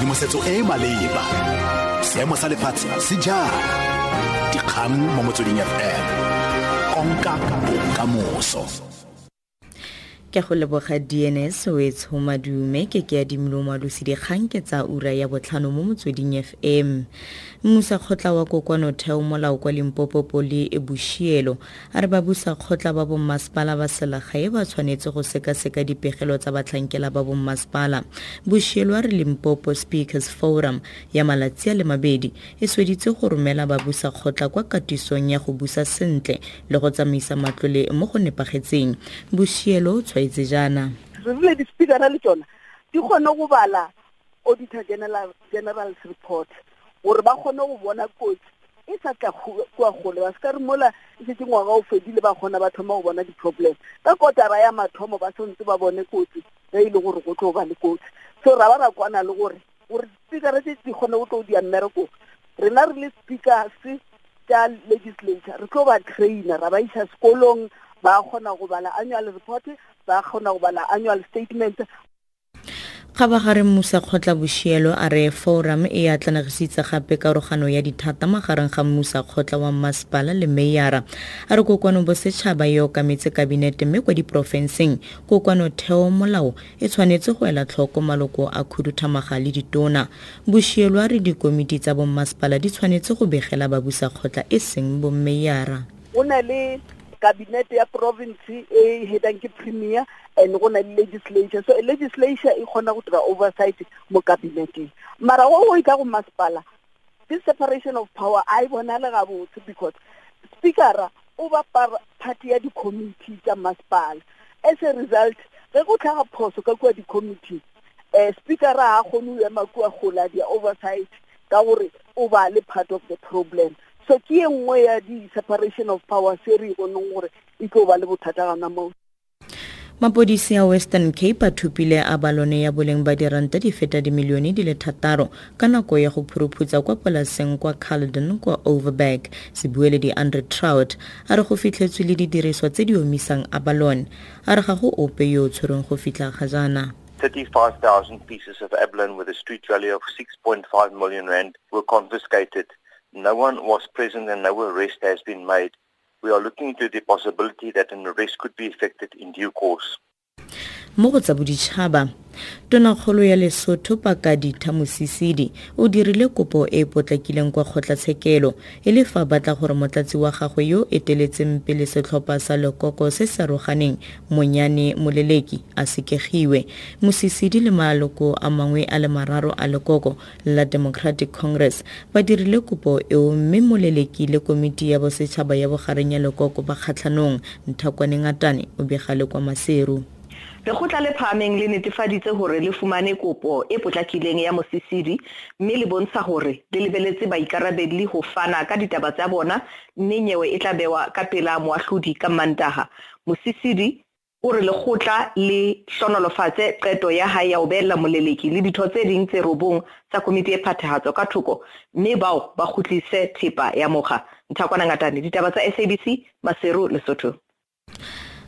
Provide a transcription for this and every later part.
tshedimosetso e e maleba seemo sa lefatshe se jang dikgang mo motsweding fm konka bokamoso ke go leboga dns wets madume ke ke ya dimolomo ke tsa ura ya botlhano mo motsweding fm mmusa kgotla wa kokwanotheo molao kwa lempopopo le bushielo a re ba busa kgotla ba bommasepala ba selagae ba tshwanetse go sekaseka dipegelo tsa batlhankela ba bommasepala bosielo a re lempopo speakers forum ya malatsi a le mabedi e sweditse go romela ba busa kgotla kwa katisong ya go busa sentle le go tsamaisa matlole mo go nepagetseng bushielo tshwaetse jaana rele di-speakera le tsona di kgone go bala auditor general's report gore ba kgone go bona kotsi e sa tla kwa gole ba se ka re mola e setse ngwaga o fedile ba kgona ba thoma go bona di-problem ka kotara ya mathomo ba santse ba bone kotsi e e leng gore go tlo go ba le kotsi so ra ba ra kwana le gore gore di-speakera tse di kgone go tlo go dia mmereko rena re le speakers tsa legislature re tlo ba trainer ra ba isa sekolong ba kgona go bala annual report ba kgona go bala annual statement kgabagare mmusa kgotla bošielo a re forum e atlanegisitse gape karogano ya dithata magareng ga mmusa kgotla wa mmasepala le meiara a re kokwano bosetšhaba e okametse kabinete mme kwa diporofenseng kokwano theo molao e tshwanetse go ela tlhoko maloko a khuduthamaga le ditona bošielo a re dikomiti tsa bommasepala di tshwanetse go begela babusa kgotla e seng bommeiara go na le kabinete ya province e headang ke premier and go na le legislature so legislature e kgona go dira oversight mo kabineteng mara go go ka go masepala this separation of power a e bonale gabotse because speakera o ba party ya di-committee tsa masepala as a result ge go tlhaga phoso ka kua di-committee um eh, speakera ga kgone o ema kua gola dia oversight ka gore o ba le part of the problem so ke e nngwe ya di-separation of power se re boneng gore e tlo ba le bothata gona mo mapodisi a western cape a thupile abalone ya boleng ba diranta di feta dimilione di le thataro ka nako ya go phuruphutsa kwa polaseng kwa caledon kwa overberg sebueledi andre trout a re go fitlhetswe le didiriswa tse di omisang a a re ga go ope yo o tshwereng go fitlha ga jaana 35,000 pieces of abalone with a street value of 6.5 million rand were confiscated No one was present and no arrest has been made. We are looking into the possibility that an arrest could be effected in due course. Mogotsa Boditšhaba tonakgolo ya lesotho pakadi thamosisidi o dirile kopo e e potlakileng kwa kgotlatshekelo e le fa batla gore motlatsi wa gagwe yo eteletseng pele setlhopha sa lekoko se se aroganeng monyane moleleki a sekegiwe mosisidi le maloko a mangwe a le mararo a lekoko la democratic congress ba dirile kopo eo mme moleleki le komiti ya bosetšhaba ya bogareng ya lekoko ba kgatlhanong nthakwane ngatane o begale kwa maseru lekgotla le phaameng le netefaditse hore le fumane kopo e potlakileng ya mosisidi mme le bontsha hore le lebeletse baikarabelli ho fana ka ditaba tsa bona mme nyewe e tla bewa ka pela moatlhodi ka mantaha mosisidi o re lekgotla le hlonolofatse qeto ya ha ya ho moleleki le ditho tse ding tse robong tsa komiti e phathahatso ka thoko mme bao ba gotlise thepa ya moga nthakwana ngatane ditaba tsa sabc maseru lesotho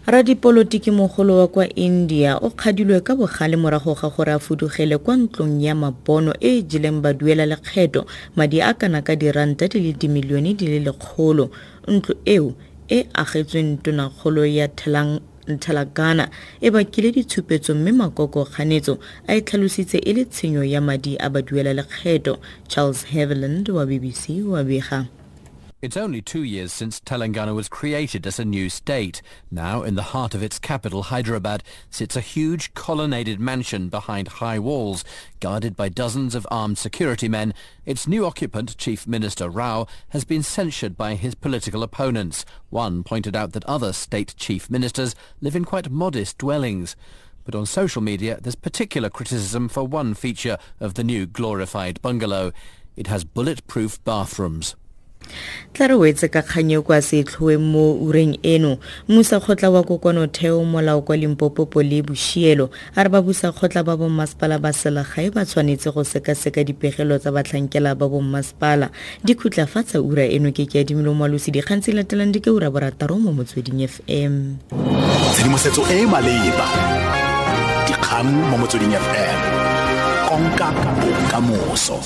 radipolotiki mogolo wa kwa india o kgadilwe ka bogale morago ga gore a fudugele kwa ntlong ya mabono e e jeleng baduela lekgetho madi a kana ka diranta di le dimilione di le lekgolo ntlo eo e agetsweng tonakgolo ya thelang ntlhalakana e bakile ditshupetso mme makoko kganetso a e tlhalositse e le tshenyo ya madi a baduela lekgetho charles haviland wa bbc wa bega It's only two years since Telangana was created as a new state. Now, in the heart of its capital, Hyderabad, sits a huge colonnaded mansion behind high walls. Guarded by dozens of armed security men, its new occupant, Chief Minister Rao, has been censured by his political opponents. One pointed out that other state chief ministers live in quite modest dwellings. But on social media, there's particular criticism for one feature of the new glorified bungalow. It has bulletproof bathrooms. tla re wetse ka kganyeo kwa setlhoeng mo ureng eno mmusa kgotla wa kokwanotheo molao kwa limpopopo le bošielo a re ba busa kgotla ba bommasepala ba selegae ba tshwanetse go sekaseka dipegelo tsa batlhankela ba bommasepala di khutlafatsa ura eno ke ke adimilo moalosi dikgantse latelang di ke ura borataro mo motsweding fm tshedimosetso e e maleba dikgang mo motsweding fm konka bokamoso